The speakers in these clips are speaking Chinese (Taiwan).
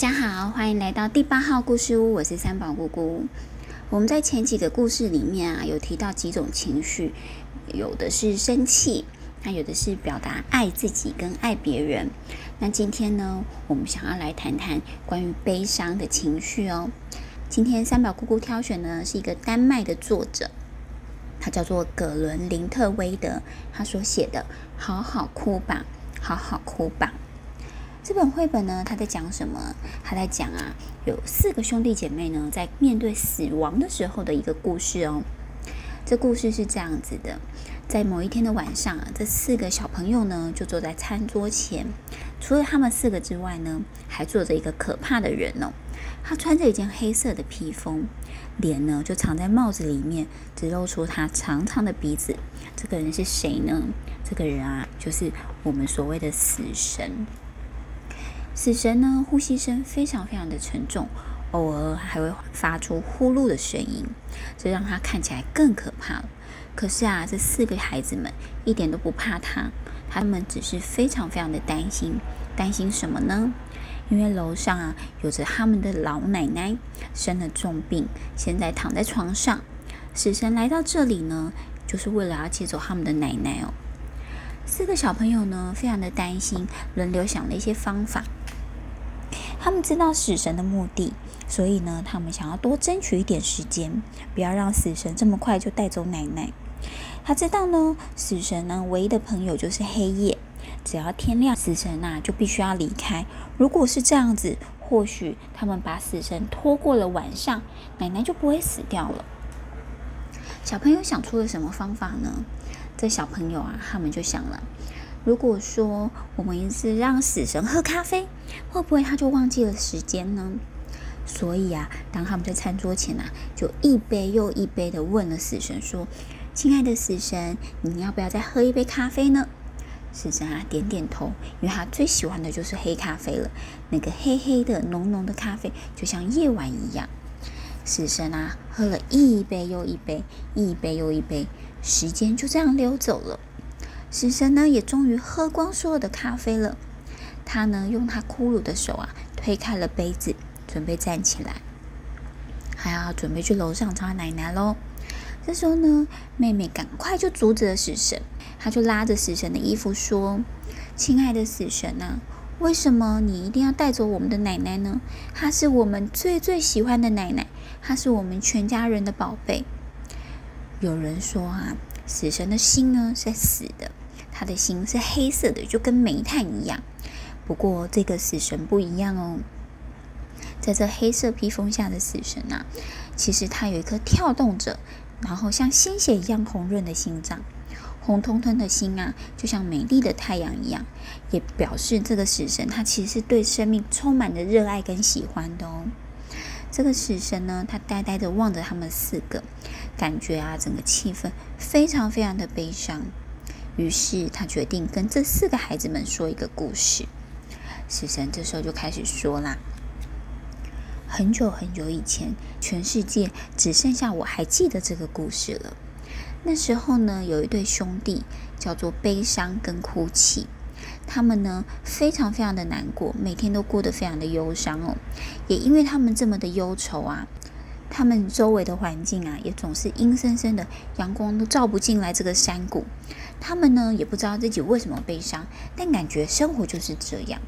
大家好，歡迎來到第八號故事屋。我是三寶姑姑。我們在前幾個故事裡面啊，有提到幾種情緒，有的是生氣，那有的是表達愛自己跟愛別人。那今天呢，我們想要來談談關於悲傷的情緒哦。今天三寶姑姑挑選的是一個丹麥的作者，他叫做葛倫林特威德，他所寫的《好好哭吧，好好哭吧》。這本繪本呢，他在講什麼？他在講啊，有四個兄弟姐妹呢，在面對死亡的時候的一個故事哦。這故事是這樣子的：在某一天的晚上啊，這四個小朋友呢，就坐在餐桌前。除了他們四個之外呢，還坐着一個可怕的人哦。他穿着一件黑色的披風，臉呢就藏在帽子裡面，只露出他長長的鼻子。這個人是誰呢？這個人啊，就是我們所謂的死神。死神呢，呼吸聲非常非常的沉重，偶爾還會發出呼嚕的聲音，這讓他看起來更可怕了。可是啊，這四個孩子們一點都不怕他，他們只是非常非常的擔心，擔心什麼呢？因為樓上啊，有着他們的老奶奶生了重病，現在躺在床上。死神來到這裡呢，就是為了要接走他們的奶奶哦。四個小朋友呢，非常的擔心，輪流想了一些方法。他們知道死神的目的，所以呢，他們想要多爭取一點時間，不要讓死神這麼快就帶走奶奶。他知道呢，死神呢，唯一的朋友就是黑夜，只要天亮，死神吶、啊、就必須要離開。如果是這樣子，或許他們把死神拖過了晚上，奶奶就不會死掉了。小朋友想出了什麼方法呢？這小朋友啊，他們就想了，如果說我們一直讓死神喝咖啡。會不會他就忘記了時間呢？所以啊，當他們在餐桌前啊，就一杯又一杯地問了死神說：“親愛的死神，你要不要再喝一杯咖啡呢？”死神啊，點點頭，因為他最喜歡的就是黑咖啡了。那個黑黑的、濃濃的咖啡，就像夜晚一樣。死神啊，喝了一杯又一杯，一杯又一杯，時間就這樣溜走了。死神呢，也終於喝光所有的咖啡了。他呢，用他骷髏的手啊，推開了杯子，準備站起來，還要準備去樓上找他奶奶嘍。這時候呢，妹妹趕快就阻止了死神，她就拉着死神的衣服說：“親愛的死神啊，為什麼你一定要帶走我們的奶奶呢？她是我們最最喜歡的奶奶，她是我們全家人的寶貝。”有人說啊，死神的心呢是死的，他的心是黑色的，就跟煤炭一樣。不過，這個死神不一樣哦。在這黑色披風下的死神啊，其實他有一顆跳動着，然後像鮮血一樣紅潤的心臟，紅彤彤的心啊，就像美麗的太陽一樣，也表示這個死神他其實是對生命充滿着熱愛跟喜歡的哦。這個死神呢，他呆呆地望着他們四個，感覺啊，整個氣氛非常非常的悲傷。於是他決定跟這四個孩子們說一個故事。死神這時候就開始說啦：“很久很久以前，全世界只剩下我還記得這個故事了。那時候呢，有一對兄弟叫做悲傷跟哭泣，他們呢非常非常的難過，每天都過得非常的憂傷哦。也因為他們這麼的憂愁啊，他們周圍的環境啊也總是陰森森的，陽光都照不進來這個山谷。他們呢也不知道自己為什麼悲傷，但感覺生活就是這樣。”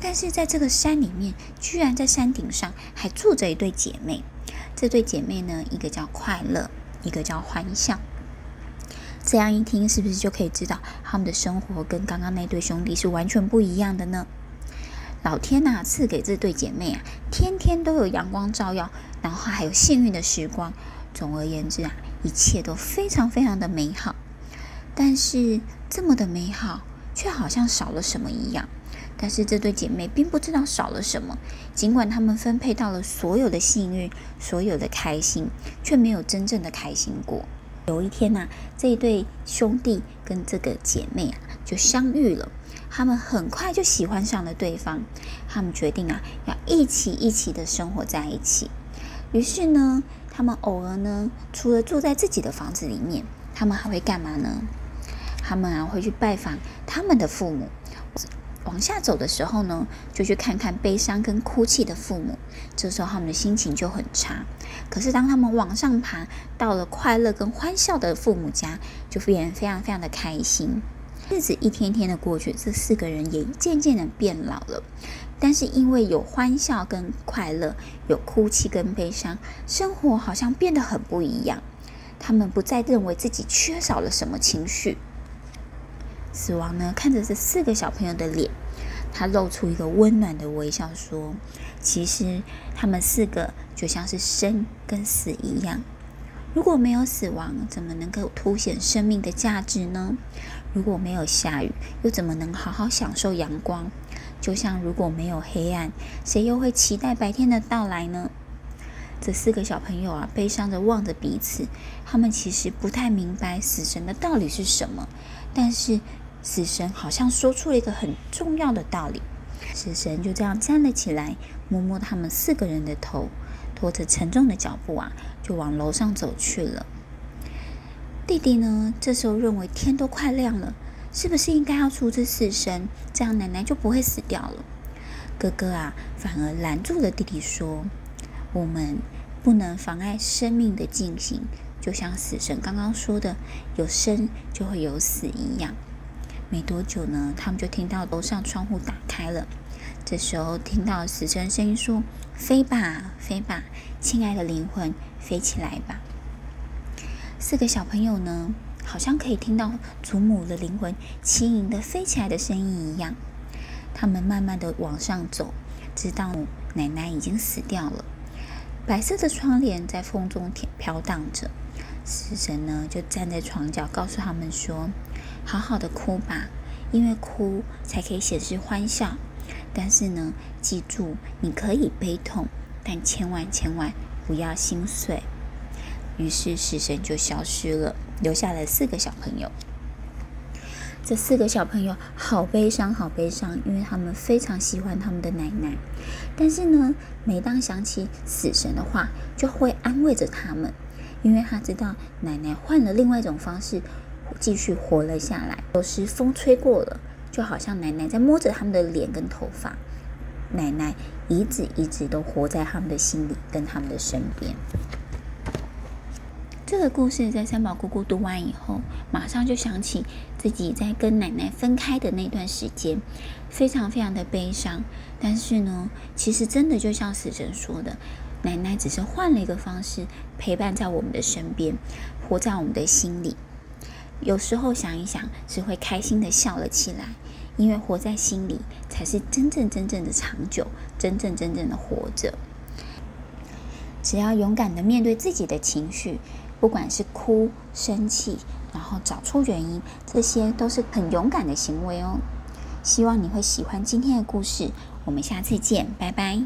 但是在這個山裡面，居然在山頂上還住着一對姐妹。這對姐妹呢，一個叫快樂，一個叫歡笑。這樣一聽，是不是就可以知道他們的生活跟剛剛那對兄弟是完全不一樣的呢？老天吶啊，賜給這對姐妹啊，天天都有陽光照耀，然後還有幸運的時光。總而言之啊，一切都非常非常的美好。但是這麼的美好，卻好像少了什麼一樣。但是這對姐妹並不知道少了什麼，儘管他們分配到了所有的幸運，所有的開心，卻沒有真正的開心過。有一天吶，這一對兄弟跟這個姐妹啊就相遇了，他們很快就喜歡上了對方，他們決定啊要一起一起的生活在一起。於是呢，他們偶爾呢，除了住在自己的房子裡面，他們還會幹嘛呢？他們還會去拜訪他們的父母。往下走的時候呢，就去看看悲傷跟哭泣的父母，這時候他們的心情就很差。可是當他們往上爬，到了快樂跟歡笑的父母家，就變得非常非常的開心。日子一天一天的過去，這四個人也漸漸的變老了。但是因為有歡笑跟快樂，有哭泣跟悲傷，生活好像變得很不一樣。他們不再認為自己缺少了什麼情緒。死亡呢？看着這四個小朋友的臉，他露出一個溫暖的微笑，說：“其實他們四個就像是生跟死一樣。如果沒有死亡，怎麼能夠凸顯生命的價值呢？如果沒有下雨，又怎麼能好好享受陽光？就像如果沒有黑暗，誰又會期待白天的到來呢？”這四個小朋友啊，悲傷的望着彼此，他們其實不太明白死神的道理是什麼，但是。死神好像說出了一個很重要的道理。死神就這樣站了起來，摸摸他們四個人的頭，拖着沉重的腳步啊，就往樓上走去了。弟弟呢，這時候認為天都快亮了，是不是應該要處置死神，這樣奶奶就不會死掉了？哥哥啊，反而攔住了弟弟說：“我們不能妨礙生命的進行，就像死神剛剛說的，有生就會有死一樣。”沒多久呢，他們就聽到樓上窗戶打開了。這時候聽到死神聲音說：“飛吧，飛吧，親愛的靈魂，飛起來吧。”四個小朋友呢，好像可以聽到祖母的靈魂輕盈的飛起來的聲音一樣。他們慢慢的往上走，直到奶奶已經死掉了。白色的窗簾在風中飄蕩着。死神呢，就站在床角，告訴他們說：好好的哭吧，因為哭才可以顯示歡笑。但是呢，記住你可以悲痛，但千萬千萬不要心碎。於是死神就消失了，留下了四個小朋友。這四個小朋友好悲傷，好悲傷，因為他們非常喜歡他們的奶奶。但是呢，每當想起死神的話，就會安慰着他們，因為他知道奶奶換了另外一種方式。繼續活了下來。有時風吹過了，就好像奶奶在摸着他們的臉跟頭髮。奶奶一直一直都活在他們的心裡，跟他們的身邊。這個故事在三寶姑姑讀完以後，馬上就想起自己在跟奶奶分開的那段時間，非常非常的悲傷。但是呢，其實真的就像死神說的，奶奶只是換了一個方式陪伴在我們的身邊，活在我們的心裡。有時候想一想，只會開心的笑了起來，因為活在心裡才是真正真正的長久，真正真正的活着。只要勇敢的面對自己的情緒，不管是哭、生氣，然後找出原因，這些都是很勇敢的行為哦。希望你會喜歡今天的故事，我們下次見，拜拜。